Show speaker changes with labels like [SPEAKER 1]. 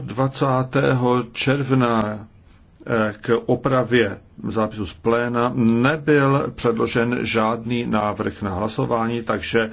[SPEAKER 1] 22. června eh, k opravě zápisu z pléna nebyl předložen žádný návrh na hlasování, takže